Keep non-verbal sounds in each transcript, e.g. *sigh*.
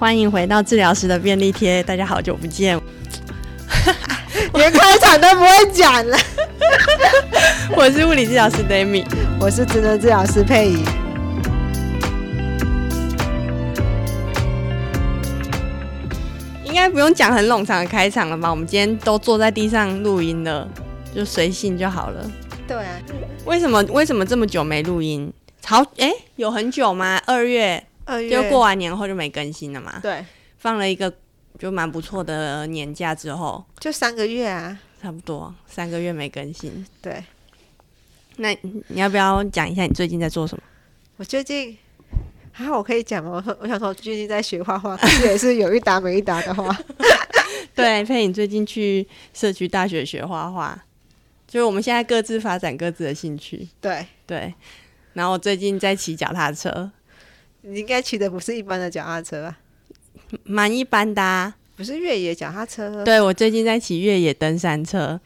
歡迎回到治療師的便利貼，大家好久不見。連 *laughs* *laughs* 開場都不會講了， *laughs* 我是物理治療師 Dami，我是職能治療師佩儀。應該不用講很冗長的開場了吧？我們今天都坐在地上錄音了，就隨性就好了。對啊。為什麼？為什麼這麼久沒錄音？好，哎、欸，有很久嗎？二月。就過完年後就沒更新了嘛。對，放了一個就蠻不錯的年假之後，就三個月啊，差不多三個月沒更新。對，那你，你要不要講一下你最近在做什麼？我最近還好，我可以講我說，我想說，最近在學畫畫，是也是有一搭沒一搭的畫。 *laughs* *laughs* 對，佩你最近去社區大學學畫畫，就是我們現在各自發展各自的興趣。對對，然後我最近在騎腳踏車。你應該騎的不是一般的腳踏車吧？蠻一般的啊，不是越野腳踏車啊。對，我最近在騎越野登山車，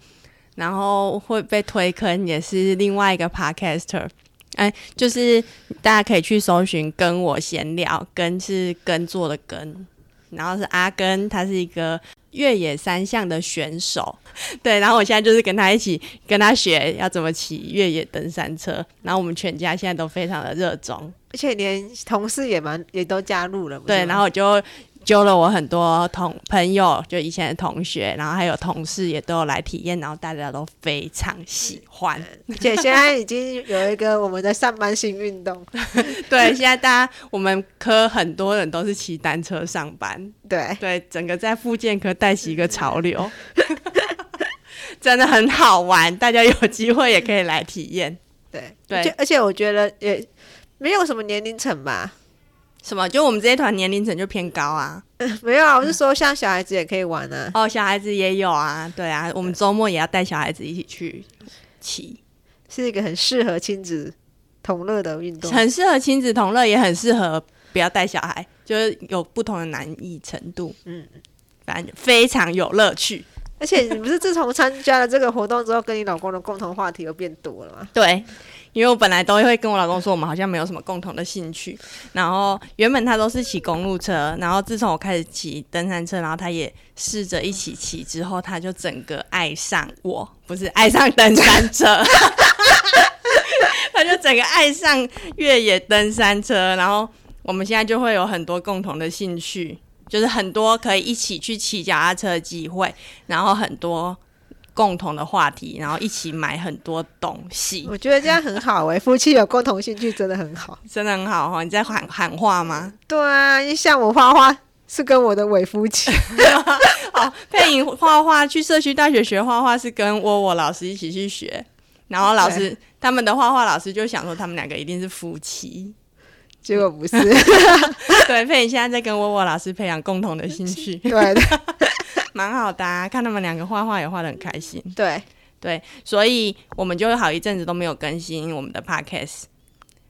然後會被推坑，也是另外一個 podcaster，欸。哎，就是大家可以去搜尋，跟我閒聊，跟是跟做的跟，然後是阿根，他是一個。越野三項的選手，對，然後我現在就是跟他一起跟他學要怎麼騎越野登山車，然後我們全家現在都非常的熱衷，而且連同事也蠻也都加入了，對，然後我就。揪了我很多同朋友，就以前的同學，然後還有同事也都有來體驗，然後大家都非常喜歡，而且現在已經有一個我們的上班新運動。 *laughs* 對，現在大家我們科很多人都是騎單車上班。對對，整個在復健科帶起一個潮流， *laughs* *laughs* 真的很好玩，大家有機會也可以來體驗。對對而，而且我覺得也沒有什麼年齡層吧。什麼？就我們這一團年齡層就偏高啊？嗯。沒有啊，我是說像小孩子也可以玩啊。哦，小孩子也有啊。對啊，對我們周末也要帶小孩子一起去騎，是一個很適合親子同樂的運動。很適合親子同樂，也很適合不要帶小孩，就是有不同的難易程度。嗯，反正就非常有樂趣。而且你不是自從參加了這個活動之後， *laughs* 跟你老公的共同話題又變多了嗎？對。因為我本來都會跟我老公說，我們好像沒有什麼共同的興趣。然後原本他都是騎公路車，然後自從我開始騎登山車，然後他也試着一起騎之後，他就整個愛上我，不是愛上登山車， *laughs* 他就整個愛上越野登山車。然後我們現在就會有很多共同的興趣，就是很多可以一起去騎腳踏車的機會，然後很多。共同的話題，然後一起買很多東西，我覺得這樣很好哎、欸。 *laughs* 夫妻有共同興趣真的很好， *laughs* 真的很好哈。你在喊喊話嗎？對啊，像我畫畫是跟我的偽夫妻，好、 *laughs* *laughs* *laughs* 哦，佩穎畫畫去社區大學學畫畫是跟沃沃老師一起去學，然後老師、okay. 他們的畫畫老師就想說他們兩個一定是夫妻，結果不是。 *laughs* *laughs* 對，佩穎現在在跟沃沃老師培養共同的興趣， *laughs* *laughs* 對。 *laughs* 蠻好的，啊，看他們兩個畫畫也畫得很開心。對對，所以我們就好一陣子都沒有更新我們的 Podcast。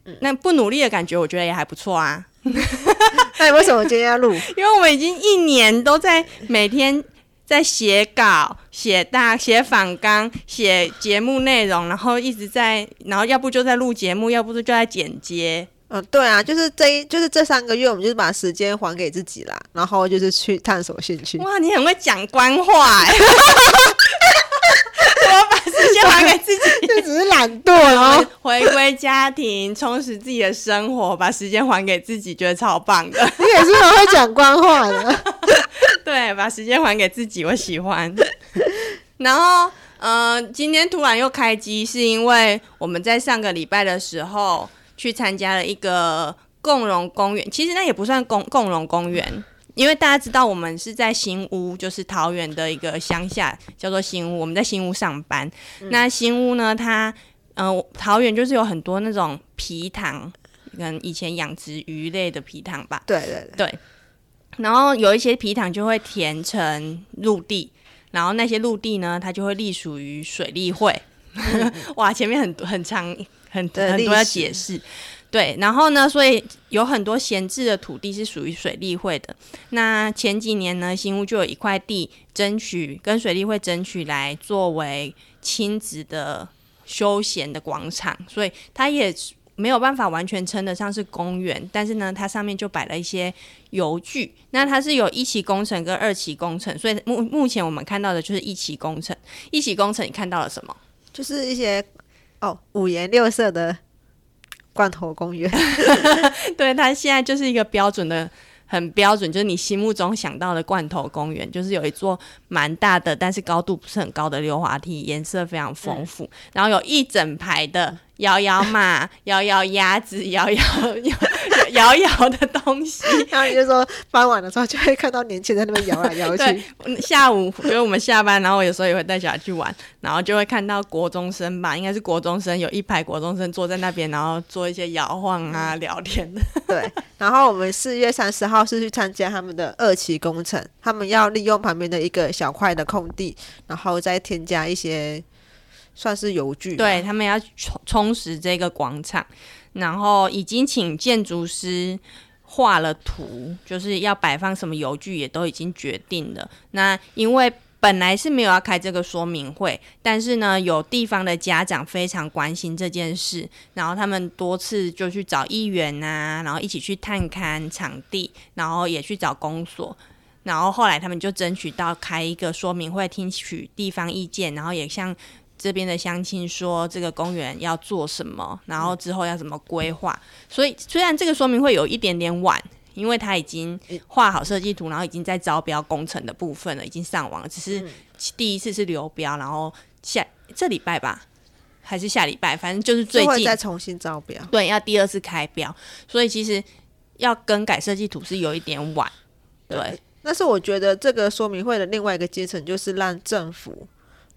嗯，那不努力的感覺，我覺得也還不錯啊。那 *laughs* *laughs* 你為什麼今天要錄？因為我們已經一年都在每天在寫稿、寫大、寫訪綱、寫節目內容，然後一直在，然後要不就在錄節目，要不就在剪接。嗯，對啊，就是這一，就是這三個月，我們就是把時間還給自己啦，然後就是去探索興趣。哇，你很會講官話，欸。 *laughs* *laughs* *laughs* 我把時間還給自己， *laughs* 這只是懶惰哦，然後回歸家庭，充實自己的生活，把時間還給自己，覺得超棒的。 *laughs* *laughs* 你也是很會講官話的。 *laughs* *laughs* 對，把時間還給自己，我喜歡。 *laughs* *laughs* 然後，嗯，呃，今天突然又開機，是因為我們在上個禮拜的時候。去參加了一個共融公園。其實那也不算共、共融公園，因為大家知道我們是在新屋，就是桃園的一個鄉下，叫做新屋，我們在新屋上班。嗯、那新屋呢，它呃，桃園就是有很多那種埤塘，跟以前養殖魚類的埤塘吧。對對對，對。然後有一些埤塘就會填成陸地，然後那些陸地呢，它就會隸屬於水利會。 *laughs* 哇，前面很很長。很很多要解釋，對，然後呢，所以有很多閒置的土地是屬於水利會的。那前幾年呢，新屋就有一塊地，爭取跟水利會爭取來作為親子的休閒的廣場，所以它也沒有辦法完全稱得上是公園，但是呢，它上面就擺了一些遊具。那它是有一期工程跟二期工程，所以目目前我們看到的就是一期工程。一期工程你看到了什麼？就是一些。哦，五顏六色的罐頭公園， *laughs* *laughs* 對，它現在就是一個標準的，很標準，就是你心目中想到的罐頭公園，就是有一座蠻大的，但是高度不是很高的溜滑梯，顏色非常豐富，嗯、然後有一整排的。搖搖馬，搖搖鴨子，搖搖搖搖搖的東西。 *laughs* 然後就是說，傍晚的時候就會看到年輕人在那邊搖來搖去。 *laughs* 下午因為 *laughs* 我們下班，然後有時候也會帶小孩去玩，然後就會看到國中生吧，應該是國中生，有一排國中生坐在那邊，然後做一些搖晃啊、聊天。嗯、 *laughs* 對。然後我們四月三十號是去參加他們的二期工程，他們要利用旁邊的一個小塊的空地，然後再添加一些。算是遊具，對，他們要充充實這個廣場，然後已經請建築師畫了圖，就是要擺放什麼遊具也都已經決定了。那因為本來是沒有要開這個說明會，但是呢，有地方的家長非常關心這件事，然後他們多次就去找議員啊，然後一起去探勘場地，然後也去找公所，然後後來他們就爭取到開一個說明會，聽取地方意見，然後也向。這邊的鄉親說，這個公園要做什麼，然後之後要怎麼規劃、嗯。所以雖然這個說明會有一點點晚，因為他已經畫好設計圖、嗯，然後已經在招標工程的部分了，已經上網。只是第一次是流標，然後下這禮拜吧，還是下禮拜，反正就是最近會再重新招標。對，要第二次開標，所以其實要更改設計圖是有一點晚。對，但是我覺得這個說明會的另外一個階層，就是讓政府。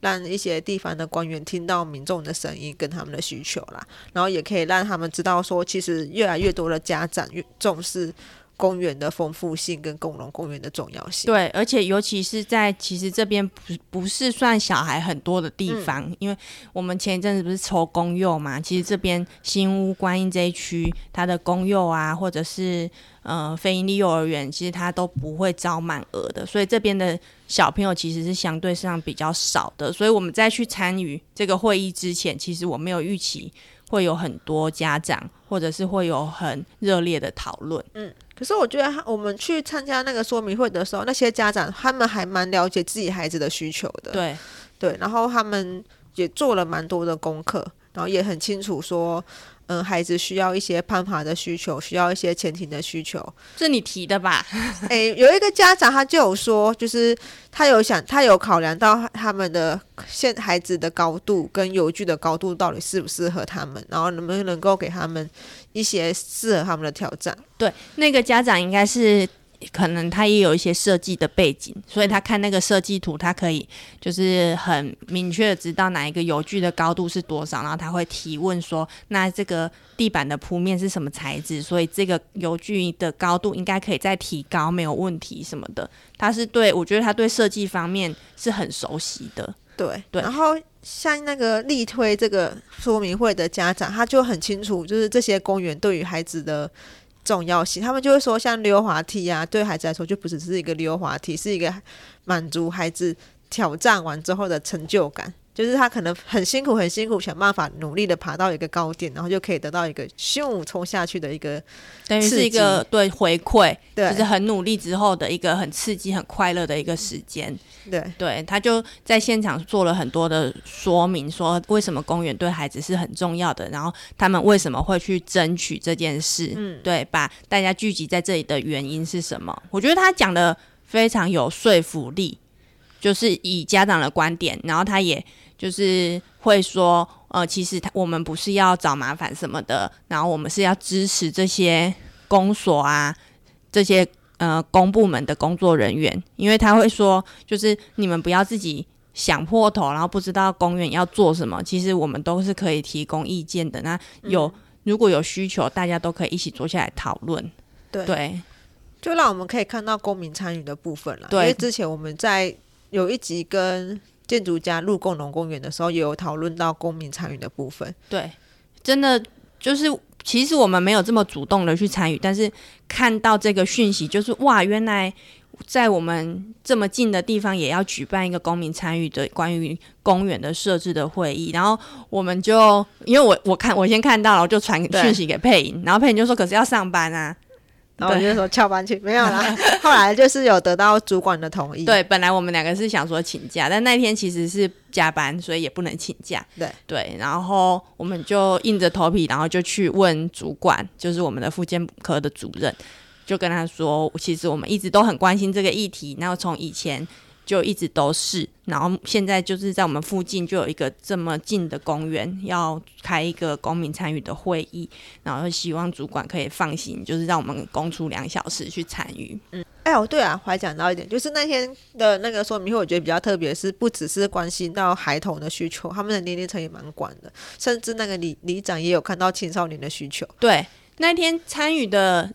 讓一些地方的官員聽到民眾的聲音跟他們的需求啦，然後也可以讓他們知道說，其實越來越多的家長越重視公園的豐富性跟共融公園的重要性。對，而且尤其是在其實這邊不不是算小孩很多的地方、嗯，因為我們前一陣子不是抽公幼嘛，其實這邊新屋觀音這一區，它的公幼啊，或者是呃非營利幼兒園，其實它都不會招滿額的，所以這邊的。小朋友其實是相對上比較少的，所以我們在去參與這個會議之前，其實我沒有預期會有很多家長，或者是會有很熱烈的討論。嗯，可是我覺得我們去參加那個說明會的時候，那些家長他們還蠻了解自己孩子的需求的，對對，然後他們也做了蠻多的功課，然後也很清楚說。嗯，孩子需要一些攀爬的需求，需要一些前庭的需求。這你提的吧？誒、 *laughs* 欸，有一個家長他就有說，就是他有想，他有考量到他們的現孩子的高度跟遊具的高度到底適不適合他們，然後能不能夠給他們一些適合他們的挑戰。對，那個家長應該是。可能他也有一些設計的背景，所以他看那個設計圖，他可以就是很明確的知道哪一個遊具的高度是多少，然後他會提問說：“那這個地板的鋪面是什麼材質？”所以這個遊具的高度應該可以再提高，沒有問題什麼的。他是對，我覺得他對設計方面是很熟悉的。對對，然後像那個力推這個說明會的家長，他就很清楚，就是這些公園對於孩子的重要性，他們就會說，像溜滑梯啊，對孩子來說，就不只是一個溜滑梯，是一個滿足孩子挑戰完之後的成就感。就是他可能很辛苦，很辛苦，想辦法努力的爬到一個高點，然後就可以得到一個咻衝下去的一個，等於是一個對回饋，就是很努力之後的一個很刺激、很快樂的一個時間。對，對他就在現場做了很多的說明，說為什麼公園對孩子是很重要的，然後他們為什麼會去爭取這件事，嗯，對，把大家聚集在這裡的原因是什麼？我覺得他講得非常有說服力，就是以家長的觀點，然後他也。就是會說，呃，其實他我們不是要找麻煩什麼的，然後我們是要支持這些公所啊，這些呃公部門的工作人員，因為他會說，就是你們不要自己想破頭，然後不知道公園要做什麼，其實我們都是可以提供意見的。那有、嗯、如果有需求，大家都可以一起坐下來討論。對，就讓我們可以看到公民參與的部分了。對，因為之前我們在有一集跟。建築家入共農公園的時候，也有討論到公民參與的部分。對，真的就是，其實我們沒有這麼主動的去參與，但是看到這個訊息，就是哇，原來在我們這麼近的地方，也要舉辦一個公民參與的關於公園的設置的會議。然後我們就，因為我我看我先看到了，我就傳訊息給佩穎，然後佩穎就說：“可是要上班啊。”然後我就說，翹班去沒有啦。 *laughs* 後來就是有得到主管的同意。對，本來我們兩個是想說請假，但那天其實是加班，所以也不能請假。對對，然後我們就硬着頭皮，然後就去問主管，就是我們的復健科的主任，就跟他說，其實我們一直都很關心這個議題，然後從以前，就一直都是，然後現在就是在我們附近就有一個這麼近的公園，要開一個公民參與的會議，然後希望主管可以放心，就是讓我們公出兩小時去參與。嗯，哎呦，對啊，我還講到一點，就是那天的那個說明會，我覺得比較特別的是，不只是關心到孩童的需求，他們的年齡層也蠻廣的，甚至那個里里長也有看到青少年的需求。對，那天參與的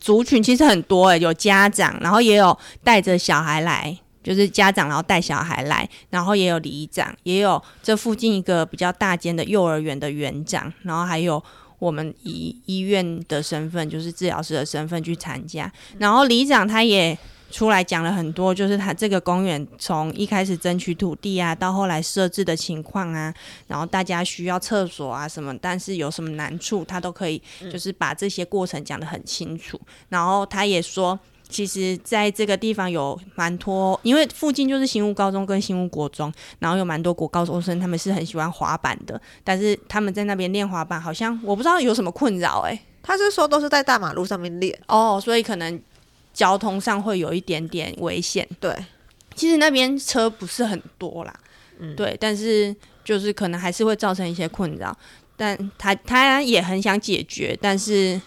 族群其實很多，哎，有家長，然後也有帶着小孩來。就是家長，然後帶小孩來，然後也有里長，也有這附近一個比較大間的幼兒園的園長，然後還有我們以醫院的身份，就是治療師的身份去參加。然後里長他也出來講了很多，就是他這個公園從一開始爭取土地啊，到後來設置的情況啊，然後大家需要廁所啊什麼，但是有什麼難處，他都可以就是把這些過程講得很清楚。然後他也說。其實，在這個地方有蠻多，因為附近就是新屋高中跟新屋國中，然後有蠻多國高中生，他們是很喜歡滑板的。但是他們在那邊練滑板，好像我不知道有什麼困擾。哎，他是說都是在大馬路上面練哦，所以可能交通上會有一點點危險。對，其實那邊車不是很多啦，嗯，對，但是就是可能還是會造成一些困擾。但他他也很想解決，但是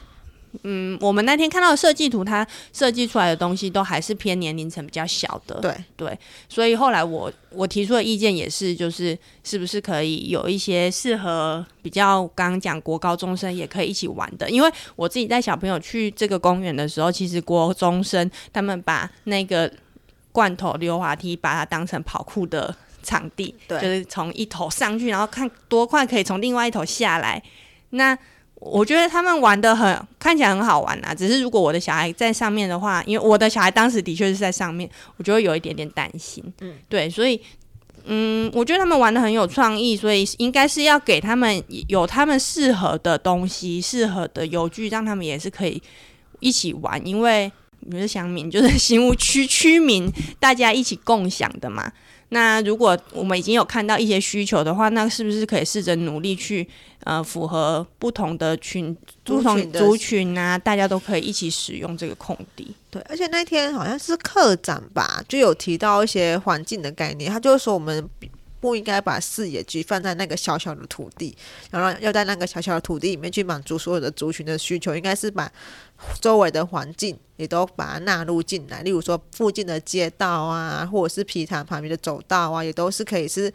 嗯，我們那天看到的設計圖，它設計出來的東西都還是偏年齡層比較小的。對對，所以後來我我提出的意見也是，就是是不是可以有一些適合比較剛講國高中生也可以一起玩的，因為我自己帶小朋友去這個公園的時候，其實國中生他們把那個罐頭溜滑梯把它當成跑酷的場地，對，就是從一頭上去，然後看多快可以從另外一頭下來。那我覺得他們玩得很，看起來很好玩啊。只是如果我的小孩在上面的話，因為我的小孩當時的確是在上面，我就會有一點點擔心。嗯，對，所以，嗯，我覺得他們玩得很有創意，所以應該是要給他們有他們適合的東西，適合的遊具，讓他們也是可以一起玩。因為，比如鄉民就是新屋區區民，大家一起共享的嘛。那如果我們已經有看到一些需求的話，那是不是可以試着努力去呃符合不同的群、不同族群呢、啊？大家都可以一起使用這個空地。對，而且那天好像是客展吧，就有提到一些環境的概念，他就是說我們。不應該把視野去放在那個小小的土地，然後要在那個小小的土地裡面去滿足所有的族群的需求。應該是把周圍的環境也都把它納入進來，例如說附近的街道啊，或者是埤塘旁邊的走道啊，也都是可以是。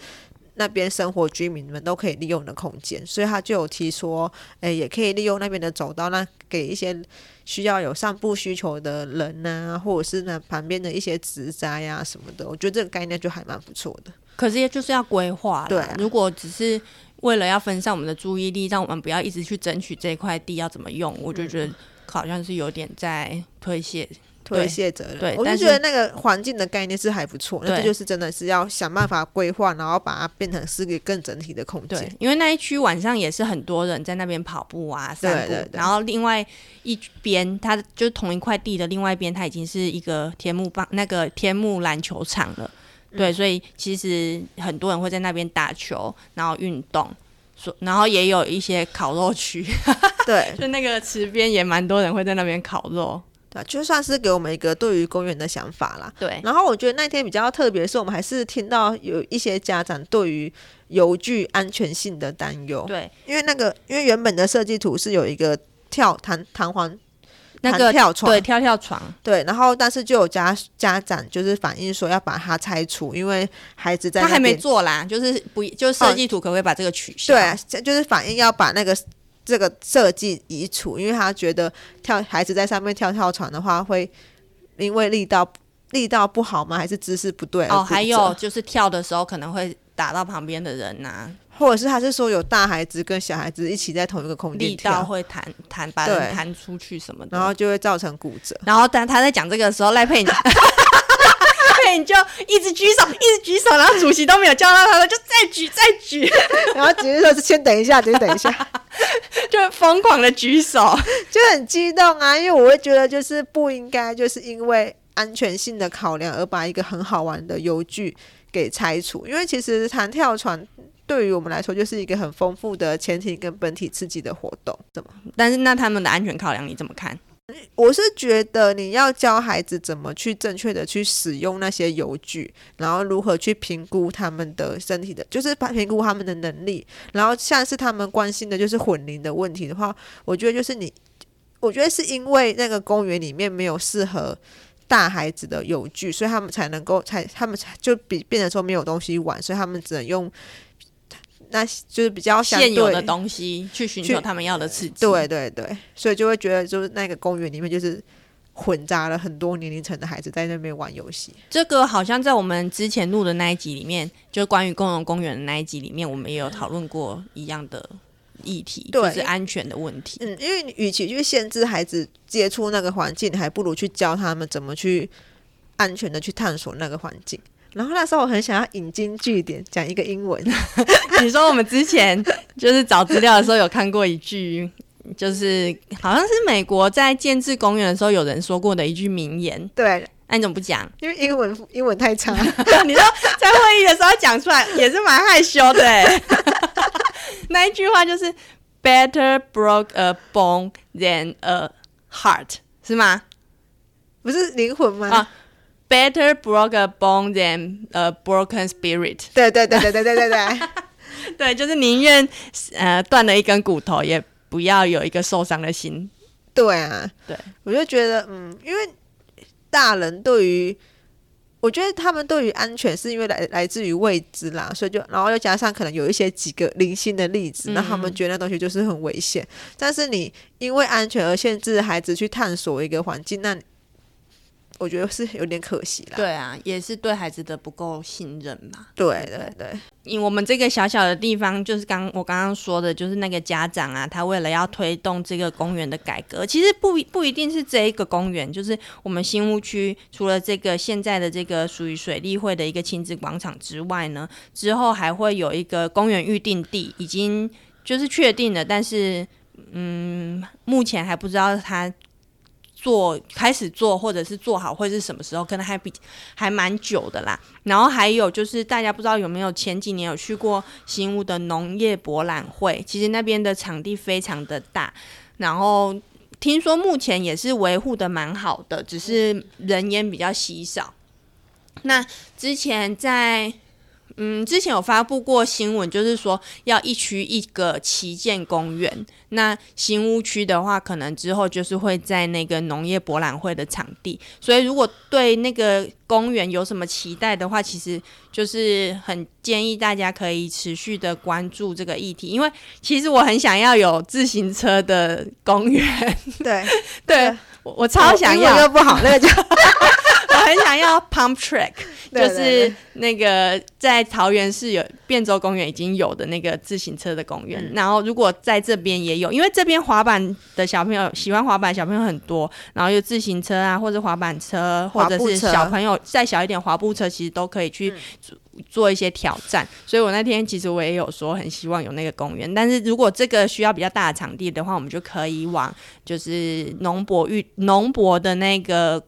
那邊生活居民們都可以利用的空間，所以他就有提說，誒、欸，也可以利用那邊的走道，讓給一些需要有散步需求的人啊，或者是呢旁邊的一些住宅呀、啊、什麼的。我覺得這個概念就還蠻不錯的。可是就是要規劃，對、啊，如果只是為了要分散我們的注意力，讓我們不要一直去爭取這塊地要怎麼用，我就覺得好像是有點在推卸。對推卸責任，我就覺得那個環境的概念是還不錯。那這就，就是真的是要想辦法規劃，然後把它變成是一個更整體的空間。因為那一區晚上也是很多人在那邊跑步啊、散步。對對對對。然後另外一邊，它就同一塊地的另外一邊，它已經是一個天幕棒，那個天幕籃球場了。嗯。對，所以其實很多人會在那邊打球，然後運動。所然後也有一些烤肉區， *laughs* 對，就那個池邊也蠻多人會在那邊烤肉。對，就算是給我們一個對於公園的想法啦。對，然後我覺得那天比較特別，是我們還是聽到有一些家長對於遊具安全性的擔憂。對，因為那個，因為原本的設計圖是有一個跳彈彈簧那個跳床，對跳跳床。對，然後但是就有家家長就是反映說要把它拆除，因為孩子在他還沒做啦，就是不就是設計圖可不可以把這個取消？嗯、對、啊，就是反映要把那個。這個設計移除，因為他覺得跳孩子在上面跳跳床的話，會因為力道力道不好嗎？還是姿勢不對？哦，還有就是跳的時候可能會打到旁邊的人吶、啊。或者是他是說有大孩子跟小孩子一起在同一個空間，力道會彈彈把人彈出去什麼的，然後就會造成骨折。然後但他在講這個的時候，賴佩你 *laughs* *laughs* 佩就一直舉手，一直舉手，然後主席都沒有叫到他，就再舉再舉。 *laughs* 然後直接說：“先等一下，先等一下。”就瘋狂的舉手， *laughs* 就很激動啊！因為我會覺得，就是不應該就是因為安全性的考量而把一個很好玩的遊具給拆除。因為其實彈跳床對於我們來說就是一個很豐富的前庭跟本體刺激的活動，怎麼？但是那他們的安全考量你怎麼看？我是覺得你要教孩子怎麼去正確的去使用那些遊具，然後如何去評估他們的身體的，就是評估他們的能力。然後像是他們關心的就是混齡的問題的話，我覺得就是你，我覺得是因為那個公園裡面沒有適合大孩子的遊具，所以他們才能夠才他們就比變得說沒有東西玩，所以他們只能用。那就是比較現有的東西去尋求他們要的刺激，對對對，所以就會覺得就是那個公園裡面就是混雜了很多年齡層的孩子在那邊玩遊戲。這個好像在我們之前錄的那一集裡面，就是關於共融公園的那一集裡面，我們也有討論過一樣的議題，就是安全的問題。嗯，因為與其去限制孩子接觸那個環境，還不如去教他們怎麼去安全的去探索那個環境。然後那時候我很想要引經據典講一個英文。 *laughs* 你說我們之前就是找資料的時候有看過一句，就是好像是美國在建制公園的時候有人說過的一句名言。對，那你怎麼不講？因為英文英文太長了。 *laughs* 你說在會議的時候講出來也是蠻害羞的，欸。 *laughs* 那一句話就是 “Better broke a bone than a heart”，是嗎？不是靈魂嗎？啊 Better broke a bone than a broken spirit。對對對對對對對。 *laughs* *laughs* 對，就是寧願呃斷了一根骨頭，也不要有一個受傷的心。對啊，對，我就覺得嗯，因為大人對於，我覺得他們對於安全是因為來來自於未知啦，所以就然後又加上可能有一些幾個零星的例子，那、嗯、他們覺得那東西就是很危險。但是你因為安全而限制孩子去探索一個環境，那。我覺得是有點可惜了。對啊，也是對孩子的不夠信任嘛。對對對，因為我們這個小小的地方，就是剛我剛剛說的，就是那個家長啊，他為了要推動這個公園的改革，其實不不一定是這一個公園，就是我們新屋區除了這個現在的這個屬於水利會的一個親子廣場之外呢，之後還會有一個公園預定地，已經就是確定了，但是嗯，目前還不知道他。做開始做或者是做好會是什麼時候？可能還比還蠻久的啦。然後還有就是大家不知道有沒有前幾年有去過新屋的農業博覽會？其實那邊的場地非常的大，然後聽說目前也是維護得蠻好的，只是人煙比較稀少。那之前在。嗯，之前有發佈過新聞，就是說要一區一個旗艦公園。那新屋區的話，可能之後就是會在那個農業博覽會的場地。所以，如果對那個公園有什麼期待的話，其實就是很建議大家可以持續的關注這個議題，因為其實我很想要有自行車的公園。對， *laughs* 對、嗯、我超想要，那個不好，那個就。 *laughs* *laughs* *laughs* 很想要 pump track，就是那個在桃園市有汴州公園已經有的那個自行車的公園、嗯。然後如果在這邊也有，因為這邊滑板的小朋友喜歡滑板小朋友很多，然後有自行車啊或者滑板車、滑步車，或者是小朋友再小一點滑步車，其實都可以去做一些挑戰、嗯。所以我那天其實我也有說很希望有那個公園，但是如果這個需要比較大的場地的話，我們就可以往就是農博玉農博的那個。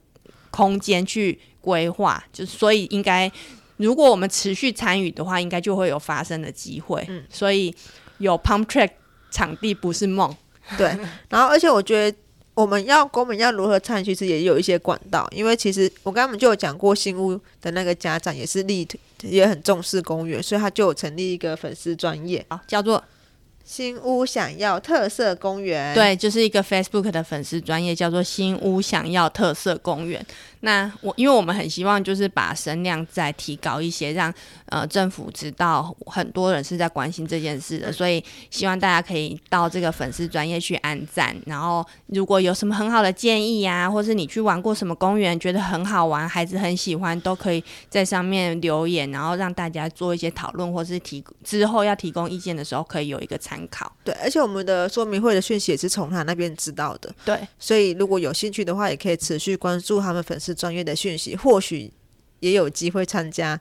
空間去規劃，就是所以應該，如果我們持續參與的話，應該就會有發生的機會。嗯，所以有 pump track 場地不是夢，對。然後，而且我覺得我們要公民要如何參與，其實也有一些管道，因為其實我剛剛我們就有講過新屋的那個家長也是立也很重視公園，所以他就有成立一個粉絲專頁，啊，叫做。新屋想要特色公園，對，就是一個 Facebook 的粉絲專業叫做“新屋想要特色公園”那。那我因為我們很希望就是把聲量再提高一些，讓呃政府知道很多人是在關心這件事的，所以希望大家可以到這個粉絲專業去按贊。然後如果有什麼很好的建議呀、啊，或是你去玩過什麼公園，覺得很好玩，孩子很喜歡，都可以在上面留言，然後讓大家做一些討論，或是提之後要提供意見的時候，可以有一個參考。對，而且我們的說明會的訊息也是從他那邊知道的。對，所以如果有興趣的話，也可以持續關注他們粉絲專頁的訊息，或許也有機會參加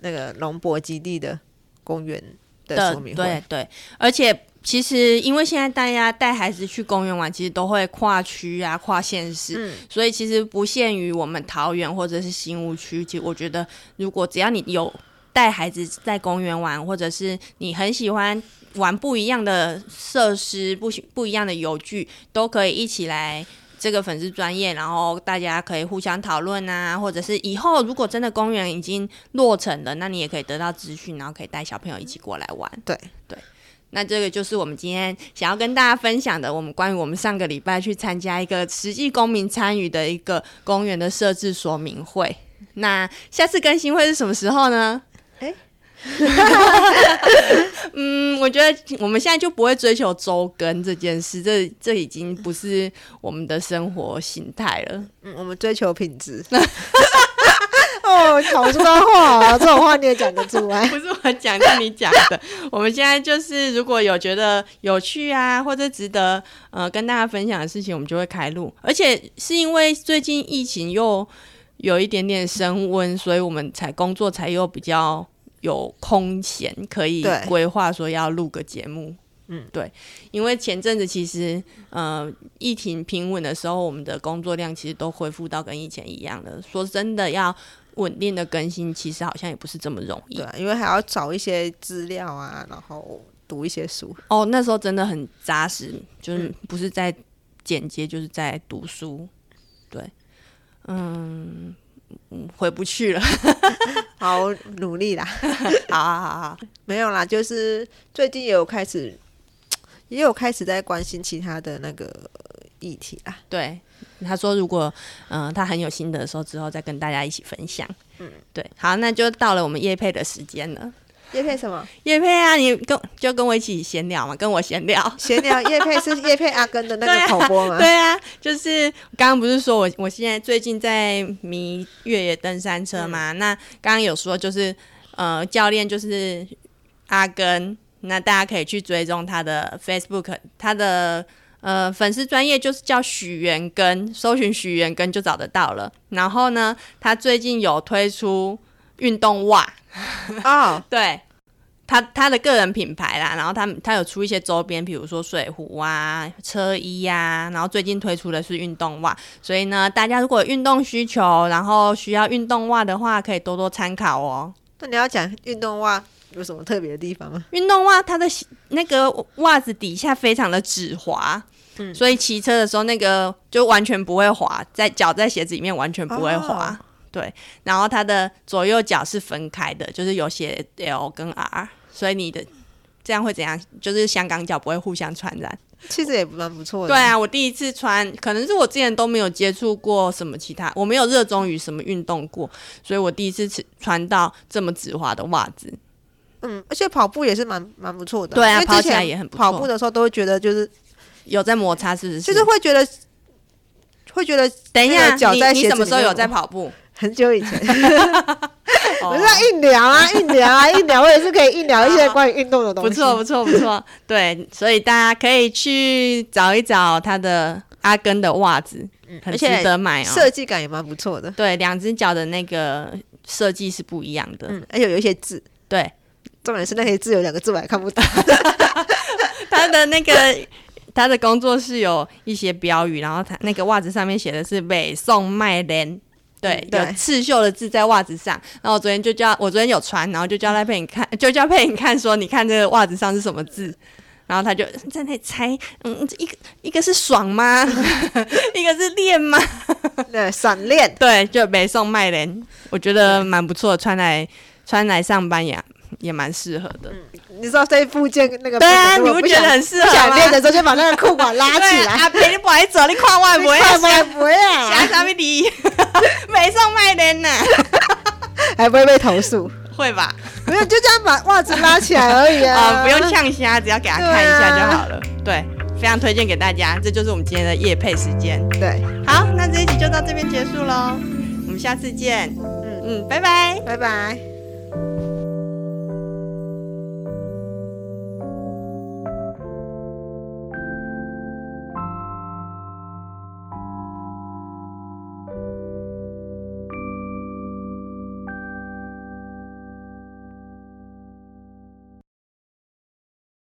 那個龍博基地的公園的說明會。對，對對，而且其實因為現在大家帶孩子去公園玩，其實都會跨區啊、跨縣市、嗯，所以其實不限於我們桃園或者是新屋區。其實我覺得，如果只要你有帶孩子在公園玩，或者是你很喜歡。玩不一樣的設施，不行不一樣的遊具都可以一起來這個粉絲專頁，然後大家可以互相討論啊，或者是以後如果真的公園已經落成了，那你也可以得到資訊，然後可以帶小朋友一起過來玩。對對，那這個就是我們今天想要跟大家分享的，我們關於我們上個禮拜去參加一個實際公民參與的一個公園的設置說明會。那下次更新會是什麼時候呢？欸 *laughs* *laughs* 嗯，我覺得我們現在就不會追求週更這件事，這這已經不是我們的生活形態了。 *laughs* 嗯，我們追求品質。 *laughs* *laughs* 哦，講不出來話、啊、 *laughs* 這種話你也講得出來？ *laughs* 不是我講，是你講的。 *laughs* 我們現在就是如果有覺得有趣啊，或者值得呃跟大家分享的事情，我們就會開錄。而且是因為最近疫情又有一點點升溫，所以我們才工作才又比較。有空閒可以規劃說要錄個節目，嗯，對，因為前陣子其實，呃，疫情平穩的時候，我們的工作量其實都恢復到跟以前一樣的。說真的，要穩定的更新，其實好像也不是這麼容易，對啊，因為還要找一些資料啊，然後讀一些書。哦，那時候真的很紮實，就是不是在剪接，就是在讀書，對，嗯。嗯，回不去了 *laughs* 好。好努力啦， *laughs* 好啊，好啊，沒有啦，就是最近也有開始，也有開始在關心其他的那個議題啦。對，他說如果嗯、呃、他很有心得的時候，之後再跟大家一起分享。嗯，對，好，那就到了我們業配的時間了。業配什麼？業配啊，你跟就跟我一起閒聊嘛，跟我閒聊，閒聊。業配是業配阿根的那個口播嗎？ *laughs* 對、啊？對啊，就是剛剛不是說我我現在最近在迷越野登山車嘛？嗯、那剛剛有說就是呃教練就是阿根，那大家可以去追蹤他的 Facebook，他的呃粉絲專頁就是叫許元根，搜尋許元根就找得到了。然後呢，他最近有推出。運動襪哦，oh. *laughs* 對，他他的個人品牌啦，然後他他有出一些周邊，比如說水壺啊、車衣呀、啊，然後最近推出的是運動襪，所以呢，大家如果有運動需求，然後需要運動襪的話，可以多多參考哦、喔。那你要講運動襪有什麼特別的地方嗎？運動襪它的那個襪子底下非常的止滑，嗯、所以騎車的時候那個就完全不會滑，在腳在鞋子裡面完全不會滑。Oh. 對，然後它的左右腳是分開的，就是有寫 L 跟 R，所以你的這樣會怎樣？就是香港腳不會互相傳染，其實也蠻不錯的。對啊，我第一次穿，可能是我之前都沒有接觸過什麼其他，我沒有熱衷於什麼運動過，所以我第一次穿到這麼直滑的襪子，嗯，而且跑步也是蠻蠻不錯的，對啊，跑起來也很不錯。跑步的時候都會覺得就是有在摩擦，是不是？就是會覺得會覺得，等一下，腳在你，你什麼時候有在跑步？很久以前，我哈哈哈硬聊啊， *laughs* 硬聊啊， *laughs* 硬聊，我也是可以硬聊一些關於運動的東西。 *laughs* 不錯，不錯，不錯。 *laughs* 對，所以大家可以去找一找他的阿根的襪子，嗯，很值得買哦。設計感也蠻不錯的。對，兩隻腳的那個設計是不一樣的。嗯，而且有一些字。對，重點是那些字有兩個字我還看不到。 *laughs* *laughs* 他的那個 *laughs* 他的工作室有一些標語，然後他那個襪子上面寫的是“袂爽賣練”。對，嗯、對，有刺繡的字在襪子上。然後我昨天就叫，我昨天有穿，然後就叫他陪你看，就叫陪你看，說你看這個襪子上是什麼字。然後他就在那裡猜，嗯，一個一個是爽嗎？ *laughs* *laughs* 一個是練嗎？ *laughs* 對，爽練，對，就袂爽賣練，我覺得蠻不錯，穿來穿來上班也也蠻適合的。嗯你知道在附近那個？對啊、那個，你不覺得很適合小便的時候就把那個褲管拉起來。啊，別，人不會走，你跨襪不會，跨襪不會啊！現在還沒離，沒送襪的呢。還不會被投訴？會吧？ *laughs* 沒有，就這樣把襪子拉起來而已啊！ *laughs* 呃、不用嗆，現在只要給他看一下就好了。對、啊對，非常推薦給大家，這就是我們今天的業配時間。對，好，那這一集就到這邊結束嘍， *laughs* 我們下次見。嗯嗯，拜拜，拜拜。